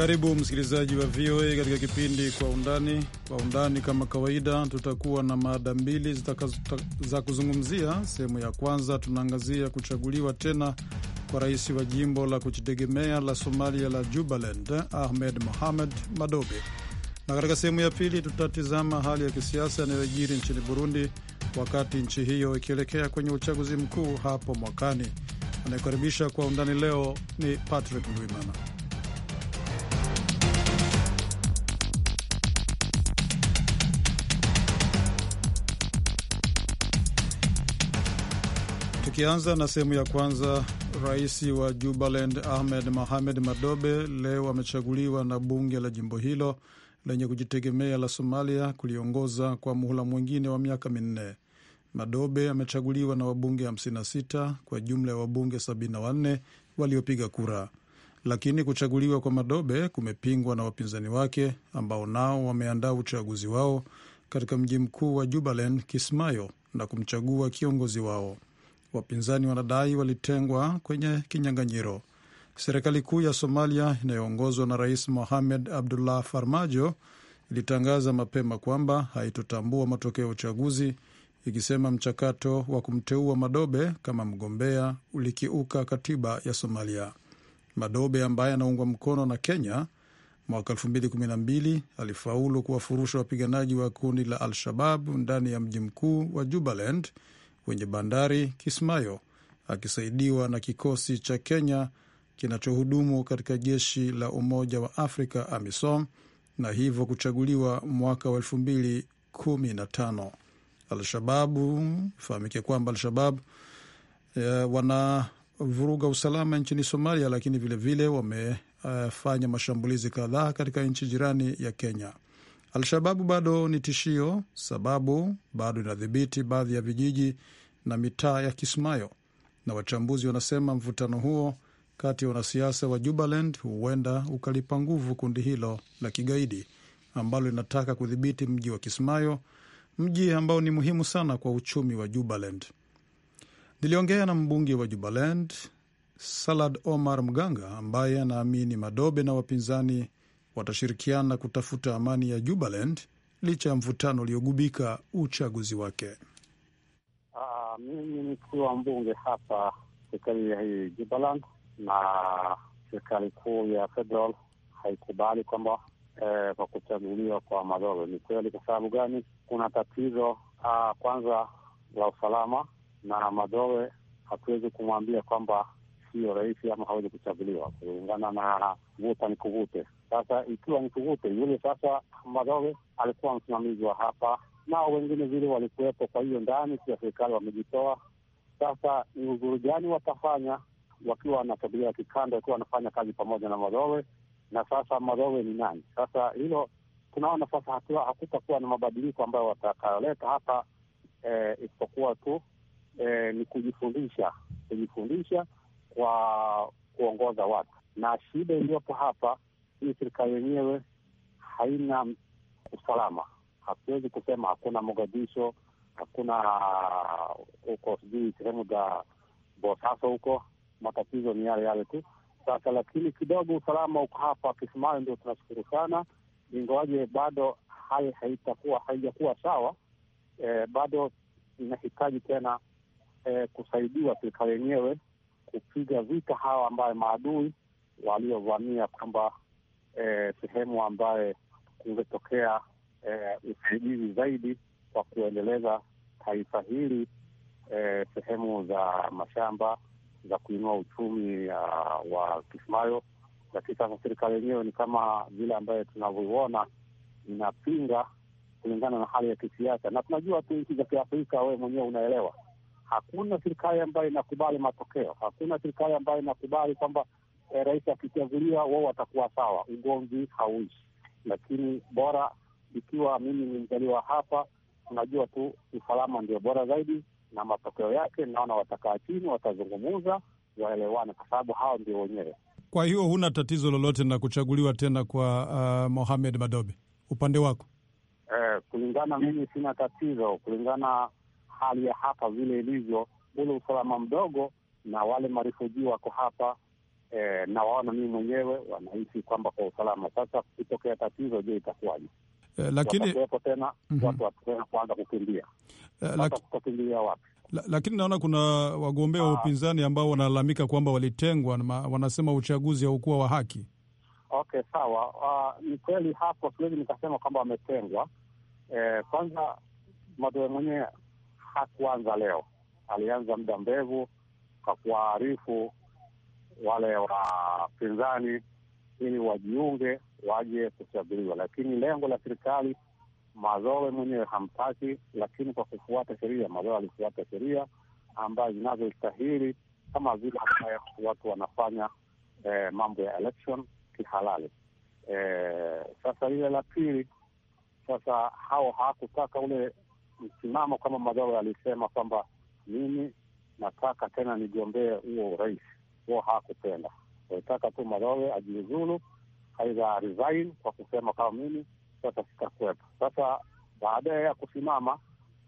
Karibu msikilizaji wa VOA katika kipindi kwa undani. Kwa undani, kama kawaida, tutakuwa na mada mbili za kuzungumzia. Sehemu ya kwanza tunaangazia kuchaguliwa tena kwa rais wa jimbo la kujitegemea la Somalia la Jubaland, Ahmed Mohamed Madobe, na katika sehemu ya pili tutatizama hali ya kisiasa yanayojiri nchini Burundi wakati nchi hiyo ikielekea kwenye uchaguzi mkuu hapo mwakani. Anayekaribisha kwa undani leo ni Patrick Ndwimana. Tukianza na sehemu ya kwanza, rais wa Jubaland Ahmed Mohamed Madobe leo amechaguliwa na bunge la jimbo hilo lenye kujitegemea la Somalia kuliongoza kwa muhula mwingine wa miaka minne. Madobe amechaguliwa na wabunge 56 kwa jumla ya wabunge 74 waliopiga kura, lakini kuchaguliwa kwa Madobe kumepingwa na wapinzani wake ambao nao wameandaa uchaguzi wao katika mji mkuu wa Jubaland, Kismayo, na kumchagua kiongozi wao. Wapinzani wanadai walitengwa kwenye kinyang'anyiro. Serikali kuu ya Somalia inayoongozwa na Rais Mohamed Abdullah Farmajo ilitangaza mapema kwamba haitotambua matokeo ya uchaguzi ikisema mchakato wa kumteua Madobe kama mgombea ulikiuka katiba ya Somalia. Madobe ambaye anaungwa mkono na Kenya mwaka 2012 alifaulu kuwafurusha wapiganaji wa kundi la Al-Shabab ndani ya mji mkuu wa Jubaland kwenye bandari Kismayo akisaidiwa na kikosi cha Kenya kinachohudumu katika jeshi la Umoja wa Afrika AMISOM na hivyo kuchaguliwa mwaka wa elfu mbili kumi na tano. Alshababu fahamike kwamba Alshabab eh, wanavuruga usalama nchini Somalia, lakini vilevile wamefanya uh, mashambulizi kadhaa katika nchi jirani ya Kenya. Alshababu bado ni tishio, sababu bado inadhibiti baadhi ya vijiji na mitaa ya Kismayo, na wachambuzi wanasema mvutano huo kati ya wanasiasa wa Jubaland huenda ukalipa nguvu kundi hilo la kigaidi ambalo linataka kudhibiti mji wa Kismayo, mji ambao ni muhimu sana kwa uchumi wa Jubaland. Niliongea na mbunge wa Jubaland Salad Omar Mganga ambaye anaamini Madobe na wapinzani watashirikiana kutafuta amani ya Jubaland licha ya mvutano uliogubika uchaguzi wake mimi nikiwa mbunge hapa serikali ya hii Jubaland na serikali kuu ya federal haikubali kwamba eh, kwa kuchaguliwa kwa Madolo ni kweli. Kwa sababu gani? Kuna tatizo uh, kwanza la usalama, na Madolo hatuwezi kumwambia kwamba siyo rahisi ama hawezi kuchaguliwa kulingana na vuta ni kuvute. Sasa ikiwa ni kuvute, yule sasa Madolo alikuwa msimamizi wa hapa nao wengine vile walikuwepo. Kwa hiyo ndani pia serikali wamejitoa. Sasa ni uzuri gani watafanya wakiwa ya kikanda, wakiwa wanafanya kazi pamoja na Madhowe, na sasa Madhowe ni nani? Sasa hilo tunaona sasa hatua, hakutakuwa na mabadiliko ambayo watakayoleta hapa eh, isipokuwa tu eh, ni kujifundisha, kujifundisha kwa kuongoza watu, na shida iliyopo hapa hii, serikali yenyewe haina usalama hatuwezi kusema hakuna Mogadisho, hakuna uh, huko sijui sehemu za Bosaso huko, matatizo ni yale yale tu sasa, lakini kidogo usalama uko hapa kisimali ndio tunashukuru sana, ingawaje bado hali haitakuwa haijakuwa sawa e, bado inahitaji tena e, kusaidiwa serikali yenyewe kupiga vita hawa ambayo maadui waliovamia kwamba eh, sehemu ambaye kungetokea eh, usaidizi zaidi wa kuendeleza taifa hili eh, sehemu za mashamba za kuinua uchumi uh, wa Kismayo. Lakini sasa serikali yenyewe ni kama vile ambayo tunavyoona inapinga kulingana na hali ya kisiasa, na tunajua tu nchi za Kiafrika, wewe mwenyewe unaelewa, hakuna serikali ambayo inakubali matokeo, hakuna serikali ambayo inakubali kwamba eh, rais akichaguliwa wao watakuwa sawa. Ugomvi hauishi, lakini bora ikiwa mimi ni hapa, unajua tu usalama ndio bora zaidi, na matokeo yake naona watakaa chini, watazungumuza, waelewane, kwa sababu hao ndio wenyewe. Kwa hiyo huna tatizo lolote na kuchaguliwa tena kwa uh, Mohamed Madobe upande wako? Eh, kulingana mimi sina tatizo, kulingana hali ya hapa vile ilivyo, ule usalama mdogo na wale marifujii wako hapa eh, na waona mimi mwenyewe wanahisi kwamba kwa usalama. Sasa kitokea tatizo, je, itakuwaje? Eh, lakini tena mhm. watu watakwenda kuanza kukimbia eh, kukimbilia wapi? Lakini naona kuna wagombea wa ah. upinzani ambao wanalalamika kwamba walitengwa, wanasema uchaguzi haukuwa wa haki. Okay, sawa. Uh, ni kweli hapo, siwezi nikasema kwamba wametengwa. Eh, kwanza Madoe mwenyewe hakuanza leo, alianza muda mrefu kwa kuwaarifu wale wapinzani ili wajiunge waje kuchaguliwa, lakini lengo la serikali Mazowe mwenyewe hamtaki, lakini kwa kufuata sheria, Mazowe alifuata sheria ambayo zinazostahili kama vile ambayo watu wanafanya eh, mambo ya election kihalali. Eh, sasa ile la pili sasa, hao hawakutaka ule msimamo kama Mazowe alisema kwamba mimi nataka tena nigombee huo urais, huo hawakupenda walitaka tu Madowe ajiuzulu, aidha resign, kwa kusema kama mimi sasa kwetu. Sasa baada ya kusimama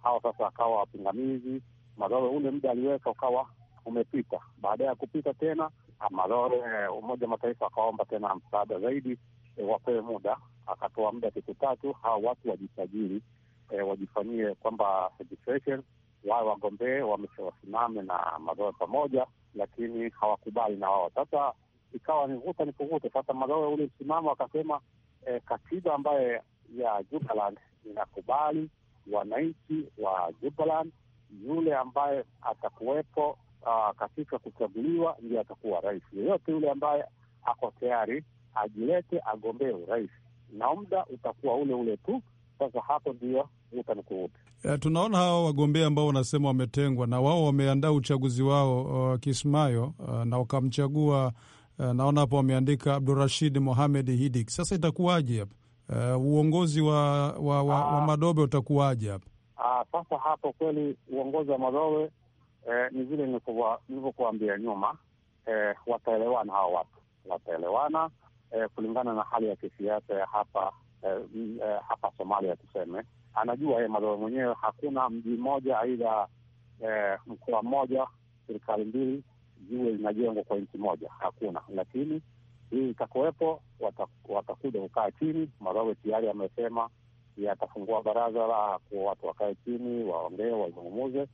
hawa sasa akawa wapingamizi Madowe, ule muda aliweka ukawa umepita. Baada ya kupita tena Madowe, Umoja wa Mataifa akaomba tena msaada zaidi, e, wapewe muda. Akatoa muda siku tatu, hawa watu wajisajili, e, eh, wajifanyie kwamba registration wagombee wamesimame na Madowe pamoja, lakini hawakubali na wao sasa ikawa ni vuta ni kuvute. Sasa Magawe ule msimamo akasema eh, katiba ambayo ya Jubaland inakubali wananchi wa Jubaland, yule ambaye atakuwepo uh, katika kuchaguliwa ndio atakuwa rais. Yeyote yule ambaye ako tayari ajilete agombee urais, na muda utakuwa ule ule tu. Sasa hapo ndio vuta ni kuvute. Uh, tunaona hawa wagombea ambao wanasema wametengwa na wao wameandaa uchaguzi wao uh, Kismayo uh, na wakamchagua Eh, naona hapo wameandika Abdurashid Mohamed Hidik. Sasa itakuwaje hapa? Uh, uongozi wa wa, wa, wa ah. Madobe utakuwaje hapa? Ah, sasa hapo kweli uongozi wa Madobe eh, ni vile nilivyokuambia nyuma eh, wataelewana hawa watu wataelewana eh, kulingana na hali ya kisiasa ya hapa eh, mm, eh, hapa Somalia tuseme, anajua yeye Madobe mwenyewe hakuna mji mmoja aidha eh, mkoa mmoja serikali mbili jue zinajengwa kwa nchi moja, hakuna. Lakini hii itakuwepo, watakuja kukaa chini. Marawi tayari amesema yatafungua baraza la kuwa watu wakae chini, waongee, wazungumuze,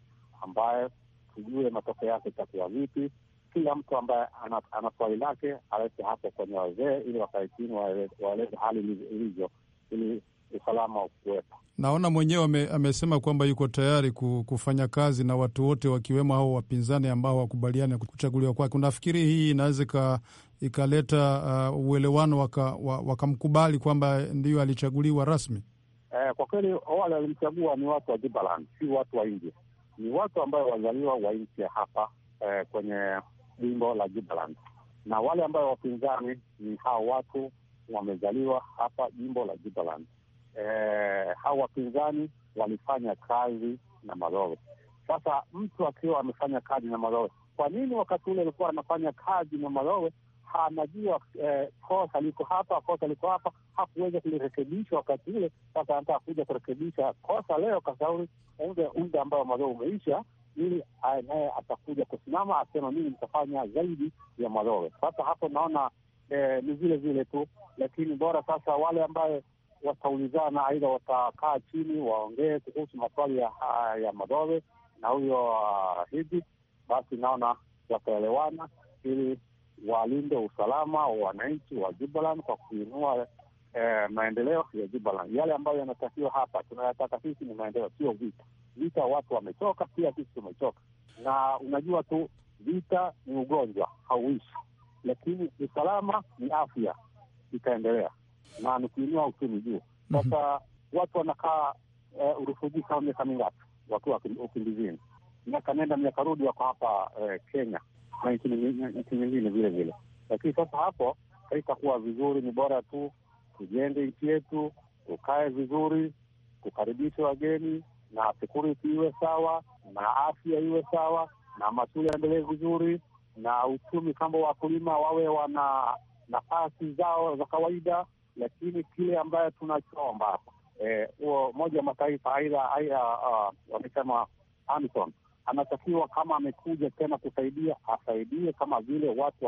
ambaye tujue matokeo yake itakuwa vipi. Kila mtu ambaye ana swali lake aweke hapo kwenye wazee, ili wakae chini, waeleze hali ilivyo, ili usalama wa kuwepo. Naona mwenyewe amesema kwamba yuko tayari kufanya kazi na watu wote wakiwemo hao wapinzani ambao wakubaliani kuchaguliwa kwake. Unafikiri hii inaweza ikaleta uh, uelewano wakamkubali waka kwamba ndiyo alichaguliwa rasmi? Eh, kwa kweli wale walimchagua ni watu wa Jubaland, si watu wa India, ni watu ambao wazaliwa wa nchi ya hapa eh, kwenye jimbo la Jubaland, na wale ambao wapinzani ni hao watu wamezaliwa hapa jimbo la Jubaland eh, hao wapinzani walifanya kazi na Malolo. Sasa mtu akiwa amefanya kazi na Malowe, kwa nini wakati ule alikuwa anafanya kazi na Malowe anajua eh, kosa liko hapa, kosa liko hapa, hakuweza kulirekebisha wakati ule. Sasa anataka kuja kurekebisha kosa leo, kashauri muda ambao Malowe umeisha ili naye eh, eh, atakuja kusimama asema mimi nitafanya zaidi ya Malowe. Sasa hapo naona eh, ni vile vile tu, lakini bora sasa wale ambaye wataulizana, aidha watakaa chini waongee kuhusu maswali ya, ya madove na huyo ah, hivi basi, naona wataelewana ili walinde usalama wa wananchi wa Jubaland kwa kuinua eh, maendeleo ya Jubaland. Yale ambayo yanatakiwa hapa tunayataka sisi ni maendeleo, sio vita. Vita watu wamechoka, pia sisi tumechoka, na unajua tu vita ni ugonjwa hauishi, lakini usalama ni afya itaendelea na ni kuinua uchumi juu. Mhm. Sasa watu wanakaa eh, urufuji kama miaka mingapi wakiwa ukimbizini, miaka nenda miaka rudi, wako hapa eh, Kenya na nchi nyingine vile vile. Lakini sasa hapo haitakuwa vizuri, ni bora tu tujenge nchi yetu, tukae vizuri, tukaribishe wageni na security iwe sawa na afya iwe sawa na mashule yaendelee vizuri na uchumi, kama wakulima wawe wana nafasi zao za kawaida lakini kile ambayo tunachoomba eh, huo eh, wa Mataifa aidha aidha uh, wamesema Amison anatakiwa kama amekuja tena kusaidia asaidie, kama vile watu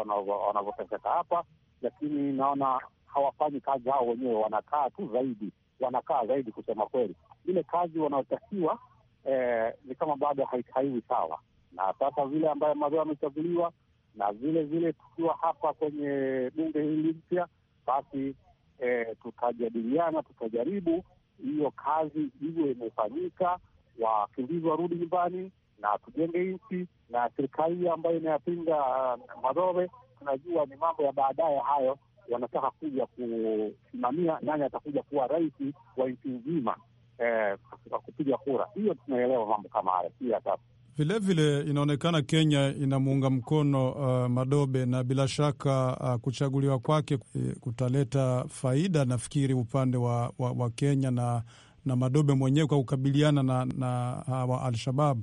wanavyoteseka hapa, lakini naona hawafanyi kazi hao wenyewe, wanakaa tu zaidi, wanakaa zaidi. Kusema kweli, ile kazi wanaotakiwa eh, ni kama bado haiwi sawa. Na sasa vile ambayo mazoa amechaguliwa na vile vile tukiwa hapa kwenye bunge hili mpya, basi e, tutajadiliana, tutajaribu hiyo kazi hiyo imefanyika, wakimbizi warudi nyumbani na tujenge nchi na serikali hiyo ambayo inayapinga uh, eh, Madobe. Tunajua ni mambo ya baadaye hayo, wanataka kuja kusimamia nani atakuja kuwa rais wa nchi nzima eh, kupiga kura hiyo. Tunaelewa mambo kama hayo, si ya sasa. Vilevile inaonekana Kenya inamuunga mkono uh, Madobe na bila shaka uh, kuchaguliwa kwake kutaleta faida nafikiri upande wa, wa, wa Kenya na, na Madobe mwenyewe kwa kukabiliana na, na hawa uh, Al-Shabab.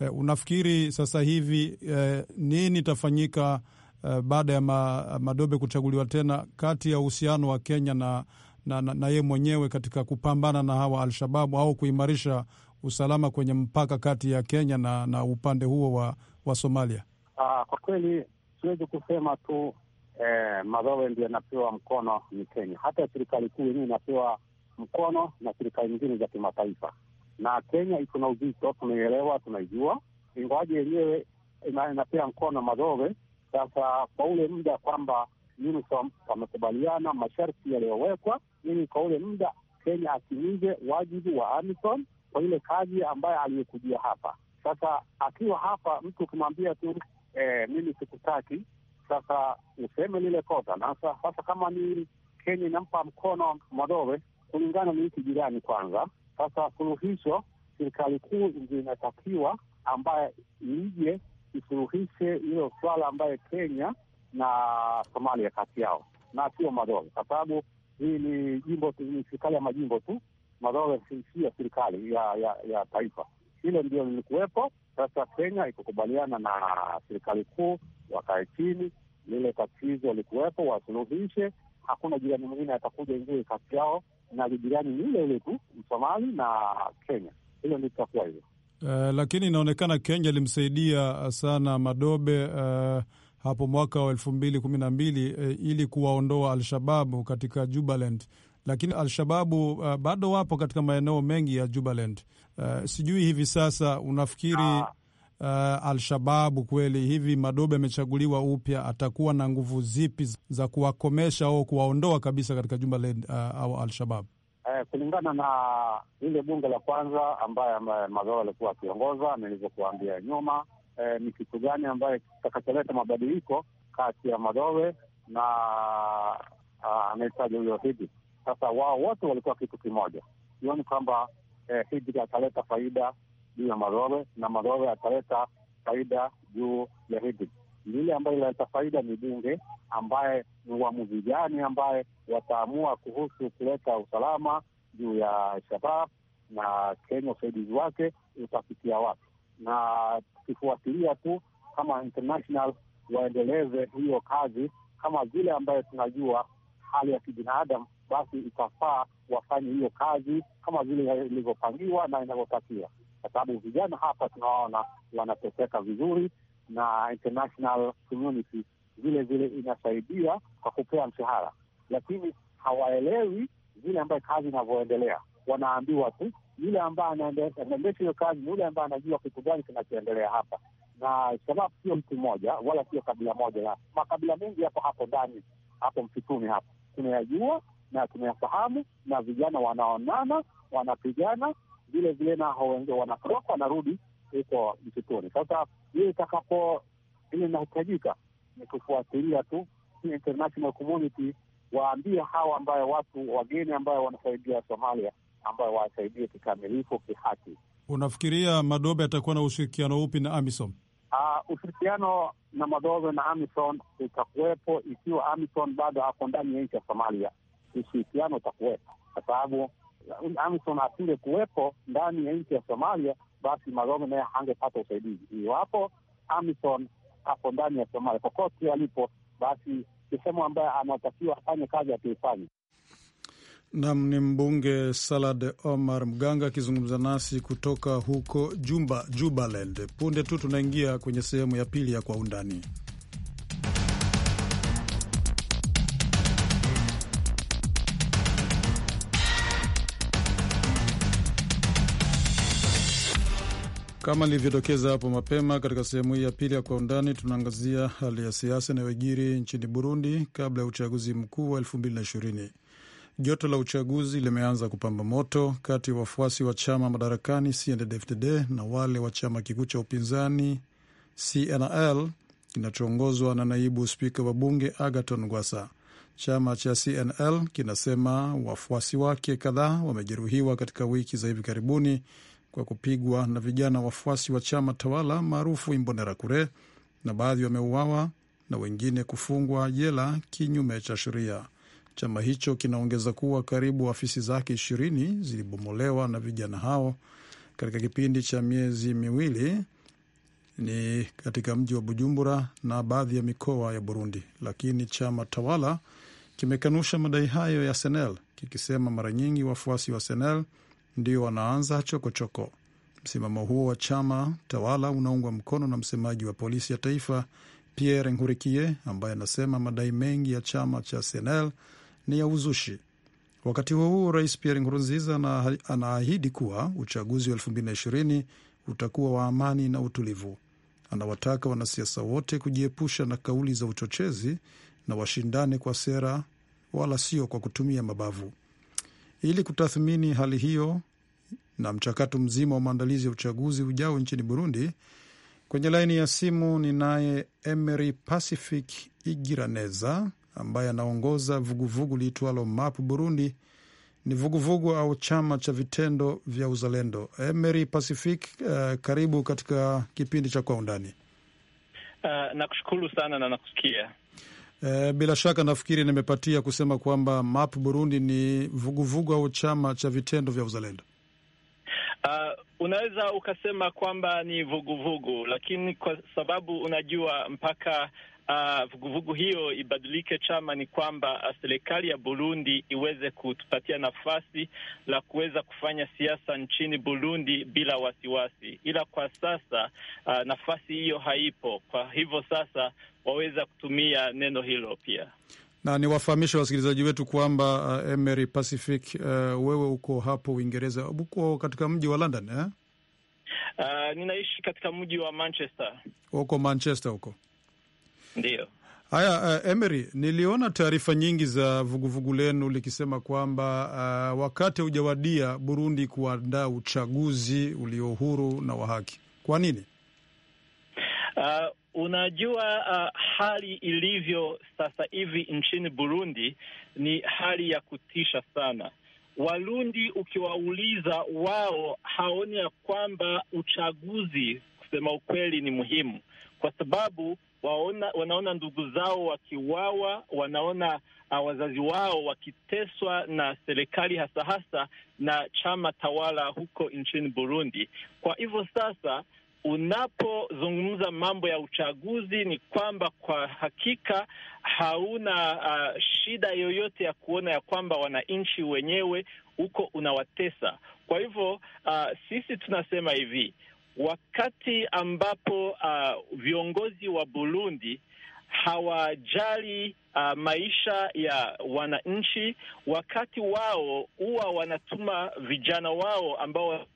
Uh, unafikiri sasa hivi uh, nini itafanyika uh, baada ya ma, Madobe kuchaguliwa tena kati ya uhusiano wa Kenya na na, na, na ye mwenyewe katika kupambana na hawa Alshababu au kuimarisha usalama kwenye mpaka kati ya Kenya na, na upande huo wa, wa Somalia? Aa, ah, kwa kweli siwezi kusema tu eh, Mabawe ndio yanapewa mkono ni Kenya. Hata serikali kuu yenyewe inapewa mkono na serikali nyingine za kimataifa, na Kenya iko na uzito, tunaielewa, tunaijua, ingawaji yenyewe inapea mkono Mabawe. Sasa kwa ule muda kwamba wamekubaliana masharti yaliyowekwa, ili kwa ule muda Kenya atimize wajibu wa AMISOM kwa ile kazi ambayo aliyekujia hapa. Sasa akiwa hapa, mtu ukimwambia tu e, mimi sikutaki, sasa useme lile kosa na sasa, kama ni Kenya inampa mkono Madowe kulingana ni nchi jirani kwanza. Sasa suluhisho, serikali kuu inatakiwa ambaye ije isuluhishe hilo swala ambaye Kenya na Somalia kati yao, na sio Madowe, kwa sababu hii ni jimbo, ni serikali ya majimbo tu madhara si ya serikali ya ya ya taifa. Hilo ndio lilikuwepo. Sasa Kenya ikakubaliana na serikali kuu, wakae chini, lile tatizo likuwepo, wasuluhishe. Hakuna jirani mwingine atakuja ingie kati yao, na jirani ile ile tu Msomali na Kenya. Hilo ndio litakuwa hivyo. Uh, eh, lakini inaonekana Kenya ilimsaidia eh, sana Madobe uh, hapo mwaka wa elfu mbili kumi na mbili uh, ili kuwaondoa Al-Shababu katika Jubaland lakini Alshababu uh, bado wapo katika maeneo mengi ya Jubaland. Uh, sijui hivi sasa unafikiri ah. uh, Alshababu kweli hivi Madobe amechaguliwa upya, atakuwa na nguvu zipi za kuwakomesha au kuwaondoa kabisa katika Jubaland uh, au Alshababu? Eh, kulingana na lile bunge la kwanza ambaye Mazoa alikuwa akiongoza nilivyokuambia nyuma, eh, ni kitu gani ambaye kitakacholeta mabadiliko kati ya Madowe na uh, anahitaji huyo hivi sasa wao wote walikuwa kitu kimoja, sioni kwamba eh, Hidri ataleta faida juu ya Marore na Marore ataleta faida juu ya Hidri. Yule ambayo inaleta faida ni bunge, ambaye ni uamuzi gani ambaye wataamua kuhusu kuleta usalama juu ya Shabab na Kenya, usaidizi wake utafikia wapi? Na tukifuatilia tu kama international waendeleze hiyo kazi kama vile ambayo tunajua hali ya kibinadamu basi itafaa wafanye hiyo kazi kama vile ilivyopangiwa na inavyotakiwa, kwa sababu vijana hapa tunawaona wanateseka vizuri, na international community vile vile inasaidia kwa kupea mshahara, lakini hawaelewi vile ambayo kazi inavyoendelea. Wanaambiwa tu yule ambaye anaendesha hiyo kazi ni yule ambaye anajua kitu gani kinachoendelea hapa, na shababu sio mtu mmoja wala sio kabila moja, makabila mengi yapo hapo ndani hapo msituni hapo tunayajua na tunayafahamu, na vijana wanaonana, wanapigana vile vile, wengi wanatoroka wanarudi huko msituni. Sasa hiyo itakapo, ile inahitajika ni kufuatilia tu international community waambie hawa ambayo watu wageni ambayo wanasaidia Somalia ambayo wasaidie kikamilifu kihaki. Unafikiria Madobe atakuwa na ushirikiano upi na AMISOM? Uh, ah, ushirikiano na Madobe na AMISOM utakuwepo ikiwa AMISOM bado ako ndani ya nchi ya Somalia ushirikiano utakuwepo, kwa sababu um, Amison asile kuwepo ndani ya nchi ya Somalia, basi Magome naye hangepata usaidizi. Iwapo Amison hapo ndani ya Somalia kokote alipo, basi sehemu ambaye anatakiwa afanye kazi akiifanya. Nam ni mbunge Salad Omar Mganga akizungumza nasi kutoka huko Jumba, Jubaland. Punde tu tunaingia kwenye sehemu ya pili ya Kwa Undani. Kama nilivyotokeza hapo mapema, katika sehemu hii ya pili ya Kwa Undani tunaangazia hali ya siasa inayojiri nchini Burundi kabla ya uchaguzi mkuu wa 2020. Joto la uchaguzi limeanza kupamba moto kati ya wafuasi wa chama madarakani CNDD-FDD na wale wa chama kikuu cha upinzani CNL kinachoongozwa na naibu spika wa bunge Agaton Gwasa. Chama cha CNL kinasema wafuasi wake kadhaa wamejeruhiwa katika wiki za hivi karibuni kwa kupigwa na vijana wafuasi wa chama tawala maarufu Imbonerakure, na baadhi wameuawa na wengine kufungwa jela kinyume cha sheria. Chama hicho kinaongeza kuwa karibu afisi zake ishirini zilibomolewa na vijana hao katika kipindi cha miezi miwili ni katika mji wa Bujumbura na baadhi ya mikoa ya Burundi, lakini chama tawala kimekanusha madai hayo ya Senel kikisema mara nyingi wafuasi wa Senel ndio wanaanza chokochoko. Msimamo huo wa chama tawala unaungwa mkono na msemaji wa polisi ya taifa Pierre Nkurikie ambaye anasema madai mengi ya chama cha CNL ni ya uzushi. Wakati huo huo, rais Pierre Nkurunziza anaahidi kuwa uchaguzi wa 2020 utakuwa wa amani na utulivu. Anawataka wanasiasa wote kujiepusha na kauli za uchochezi na washindane kwa sera, wala sio kwa kutumia mabavu. Ili kutathmini hali hiyo na mchakato mzima wa maandalizi ya uchaguzi ujao nchini Burundi, kwenye laini ya simu ninaye Emery Pacific Igiraneza ambaye anaongoza vuguvugu liitwalo MAP Burundi. Ni vuguvugu au chama cha vitendo vya uzalendo. Emery Pacific, uh, karibu katika kipindi cha Kwa Undani. Uh, nakushukuru sana na nakusikia. E, bila shaka nafikiri nimepatia kusema kwamba MAP Burundi ni vuguvugu au chama cha vitendo vya uzalendo. Uh, unaweza ukasema kwamba ni vuguvugu vugu, lakini kwa sababu unajua mpaka ah, vuguvugu uh, vugu hiyo ibadilike chama, ni kwamba ah, serikali ya Burundi iweze kutupatia nafasi la kuweza kufanya siasa nchini Burundi bila wasiwasi, ila kwa sasa uh, nafasi hiyo haipo. Kwa hivyo sasa waweza kutumia neno hilo pia. Na niwafahamishe wasikilizaji wetu kwamba uh, Emery Pacific, uh, wewe uko hapo Uingereza, uko katika mji wa London eh? Uh, ninaishi katika mji wa Manchester. Uko Manchester huko, ndio Haya, uh, Emery, niliona taarifa nyingi za vuguvugu lenu likisema kwamba uh, wakati haujawadia Burundi kuandaa uchaguzi ulio huru na wa haki. Kwa nini? uh, Unajua uh, hali ilivyo sasa hivi nchini Burundi ni hali ya kutisha sana. Warundi ukiwauliza, wao haoni ya kwamba uchaguzi kusema ukweli ni muhimu, kwa sababu waona, wanaona ndugu zao wakiwawa, wanaona uh, wazazi wao wakiteswa na serikali hasa hasa na chama tawala huko nchini Burundi. Kwa hivyo sasa unapozungumza mambo ya uchaguzi ni kwamba kwa hakika hauna uh, shida yoyote ya kuona ya kwamba wananchi wenyewe huko unawatesa. Kwa hivyo uh, sisi tunasema hivi, wakati ambapo uh, viongozi wa Burundi hawajali uh, maisha ya wananchi, wakati wao huwa wanatuma vijana wao ambao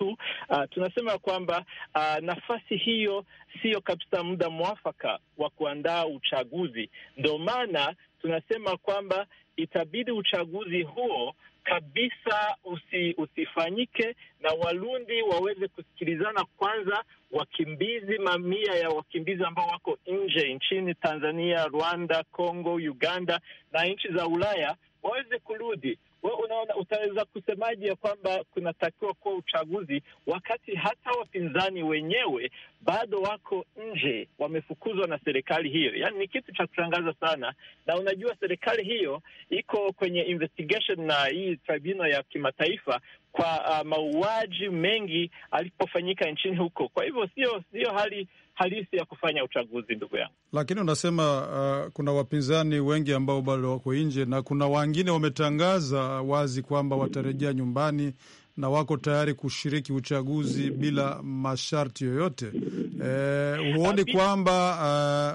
tu uh, tunasema kwamba uh, nafasi hiyo siyo kabisa muda mwafaka wa kuandaa uchaguzi. Ndio maana tunasema kwamba itabidi uchaguzi huo kabisa usi, usifanyike na Warundi waweze kusikilizana kwanza. Wakimbizi, mamia ya wakimbizi ambao wako nje nchini Tanzania, Rwanda, Congo, Uganda na nchi za Ulaya waweze kurudi we unaona, utaweza kusemaje ya kwamba kunatakiwa kuwa uchaguzi wakati hata wapinzani wenyewe bado wako nje, wamefukuzwa na serikali hiyo? Yaani ni kitu cha kushangaza sana, na unajua serikali hiyo iko kwenye investigation na hii tribunal ya kimataifa kwa uh, mauaji mengi alipofanyika nchini huko. Kwa hivyo sio sio hali halisi ya kufanya uchaguzi, ndugu yangu. Lakini unasema uh, kuna wapinzani wengi ambao bado wako nje na kuna wengine wametangaza wazi kwamba watarejea nyumbani na wako tayari kushiriki uchaguzi bila masharti yoyote. E, huoni kwamba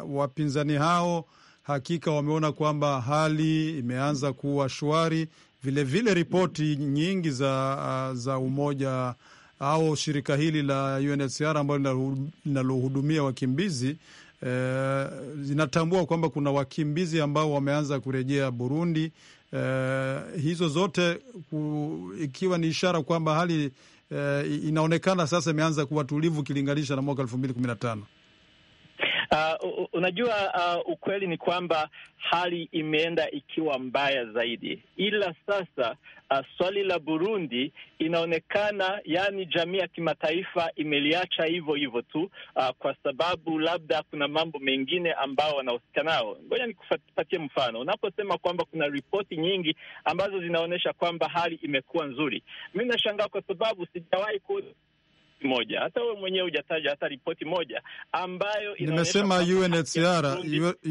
uh, wapinzani hao hakika wameona kwamba hali imeanza kuwa shwari? Vilevile ripoti nyingi za, uh, za Umoja au shirika hili la UNHCR ambalo linalohudumia wakimbizi eh, zinatambua kwamba kuna wakimbizi ambao wameanza kurejea Burundi. Eh, hizo zote ku, ikiwa ni ishara kwamba hali eh, inaonekana sasa imeanza kuwa tulivu ukilinganisha na mwaka elfu mbili kumi na tano. Uh, unajua uh, ukweli ni kwamba hali imeenda ikiwa mbaya zaidi, ila sasa uh, swali la Burundi inaonekana, yani jamii ya kimataifa imeliacha hivyo hivyo tu, uh, kwa sababu labda kuna mambo mengine ambao wanahusika nao. Ngoja nikupatie mfano. Unaposema kwamba kuna ripoti nyingi ambazo zinaonyesha kwamba hali imekuwa nzuri, mi nashangaa kwa sababu sijawahi ku moja, hata wewe mwenyewe hujataja hata ripoti moja ambayo nimesema. UNHCR,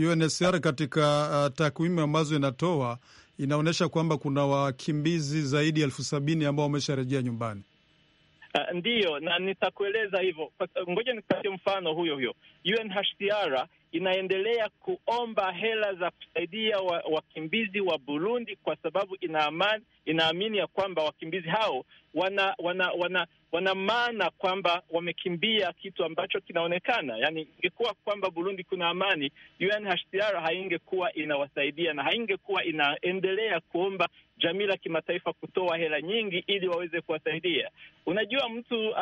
UNHCR katika uh, takwimu ambazo inatoa inaonyesha kwamba kuna wakimbizi zaidi ya elfu sabini ambao wamesharejea nyumbani. Uh, ah, ndiyo, na nitakueleza hivyo. Ngoja nikupatie mfano huyo huyo UNHCR inaendelea kuomba hela za kusaidia wakimbizi wa, wa Burundi kwa sababu inaamani, inaamini ya kwamba wakimbizi hao wana wana wana, wana maana kwamba wamekimbia kitu ambacho kinaonekana. Yani, ingekuwa kwamba Burundi kuna amani, UNHCR haingekuwa inawasaidia na haingekuwa inaendelea kuomba jamii la kimataifa kutoa hela nyingi ili waweze kuwasaidia. Unajua, mtu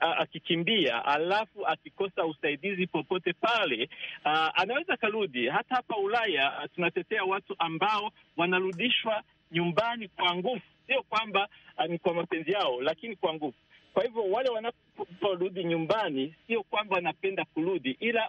akikimbia alafu akikosa usaidizi popote pale a, anaweza akarudi. Hata hapa Ulaya tunatetea watu ambao wanarudishwa nyumbani kwa nguvu, sio kwamba ni kwa mapenzi yao, lakini kwa nguvu. Kwa hivyo wale wanaporudi nyumbani, sio kwamba wanapenda kurudi, ila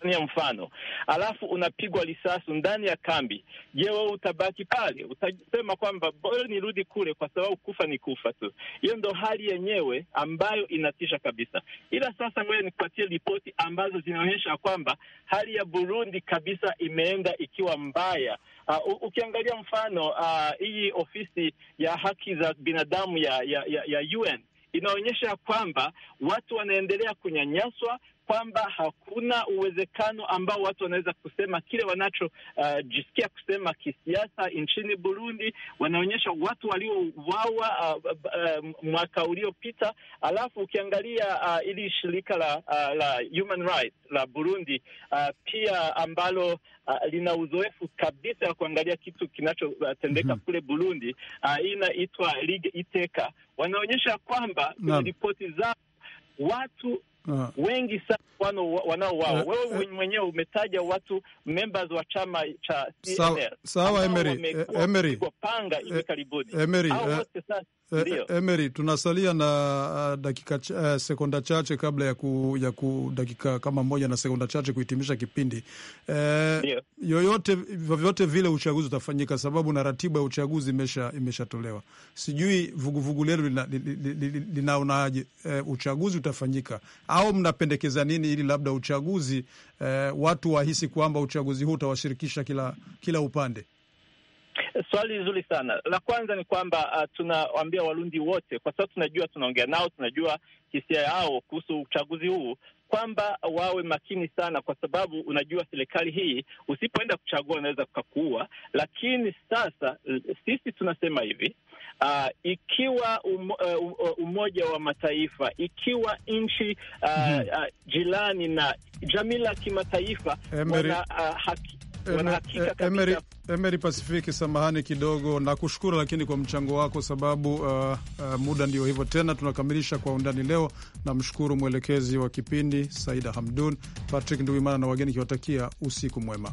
Tanzania mfano, alafu unapigwa risasi ndani ya kambi, je, wewe utabaki pale? Utasema kwamba bora nirudi kule, kwa sababu kufa ni kufa tu. Hiyo ndo hali yenyewe ambayo inatisha kabisa. Ila sasa ngoja nikupatie ripoti ambazo zinaonyesha kwamba hali ya Burundi kabisa imeenda ikiwa mbaya. Uh, ukiangalia mfano ah, hii uh, ofisi ya haki za binadamu ya, ya, ya, ya UN inaonyesha kwamba watu wanaendelea kunyanyaswa, kwamba hakuna uwezekano ambao watu wanaweza kusema kile wanachojisikia uh, kusema kisiasa nchini Burundi. Wanaonyesha watu waliowawa uh, uh, uh mwaka uliopita. Alafu ukiangalia uh, ili shirika la, uh, la Human Rights la Burundi uh, pia ambalo uh, lina uzoefu kabisa ya kuangalia kitu kinachotendeka uh, mm -hmm. kule Burundi uh, inaitwa Ligue Iteka, wanaonyesha kwamba kwenye ripoti zao watu uh, wengi sana wanaouawa. Uh, Wewe uh, uh, mwenyewe umetaja watu members wa chama cha CNL sawa, Emery, Emery, panga hivi eh, karibuni, hao eh, wote sasa E, Emery, tunasalia na uh, dakika ch uh, sekonda chache kabla ya ku, ya ku dakika kama moja na sekonda chache kuhitimisha kipindi e, yoyote vyovyote vile uchaguzi utafanyika, sababu na ratiba ya uchaguzi imesha imeshatolewa. Sijui vuguvugu lenu linaonaje, e, uchaguzi utafanyika au mnapendekeza nini ili labda uchaguzi e, watu wahisi kwamba uchaguzi huu utawashirikisha kila, kila upande? Swali zuri sana. La kwanza ni kwamba uh, tunawaambia Warundi wote, kwa sababu tunajua tunaongea nao, tunajua hisia yao kuhusu uchaguzi huu kwamba wawe makini sana, kwa sababu unajua serikali hii, usipoenda kuchagua unaweza kukakuua. Lakini sasa sisi tunasema hivi uh, ikiwa umo, uh, uh Umoja wa Mataifa, ikiwa nchi uh, mhm. uh, jirani na jamii la kimataifa wana, uh, haki Emery, Pacific, samahani kidogo, nakushukuru lakini kwa mchango wako, sababu uh, uh, muda ndio hivyo tena. Tunakamilisha kwa undani leo. Namshukuru mwelekezi wa kipindi Saida Hamdun, Patrick Nduimana na wageni kiwatakia usiku mwema.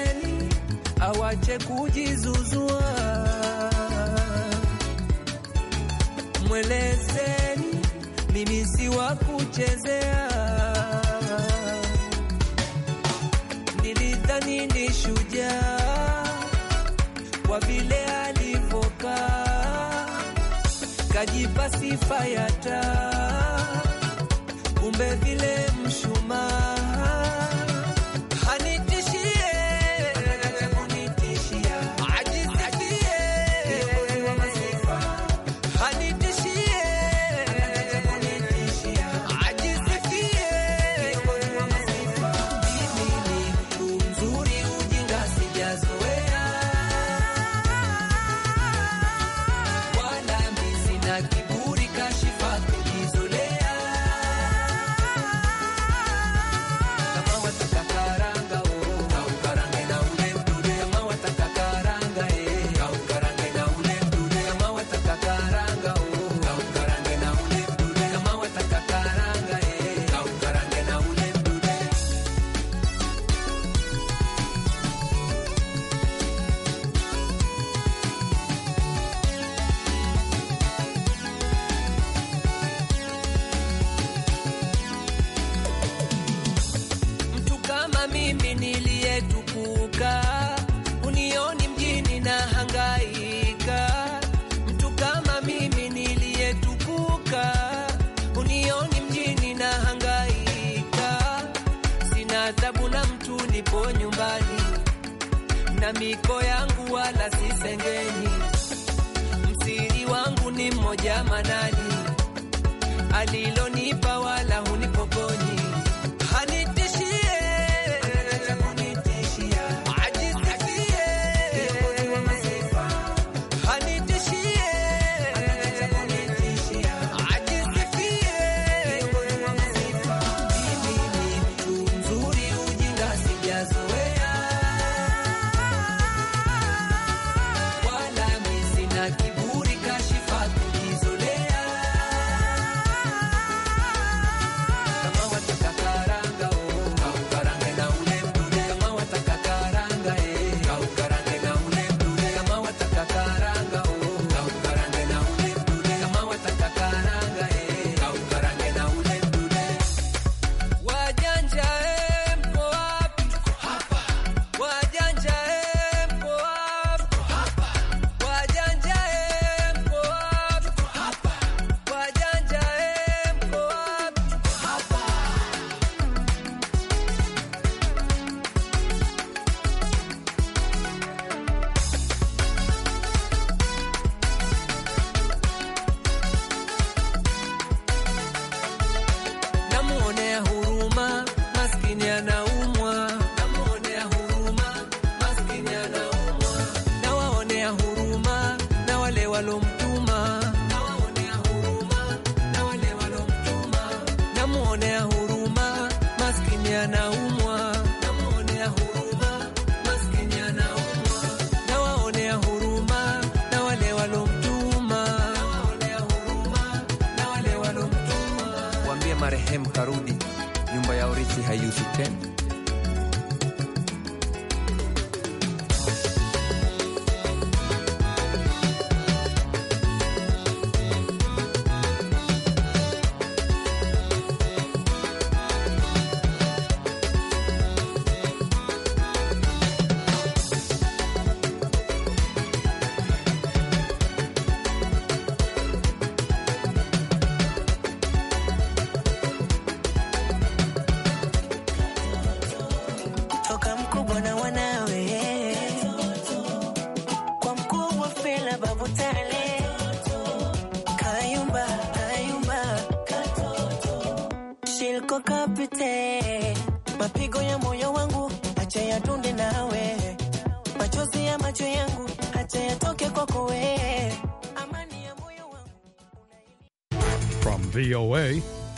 waache kujizuzua, mwelezeni mimi si wa kuchezea. Nilidhani ni shujaa kwa vile alivokaa kajipa sifa ya taa, kumbe vile mshumaa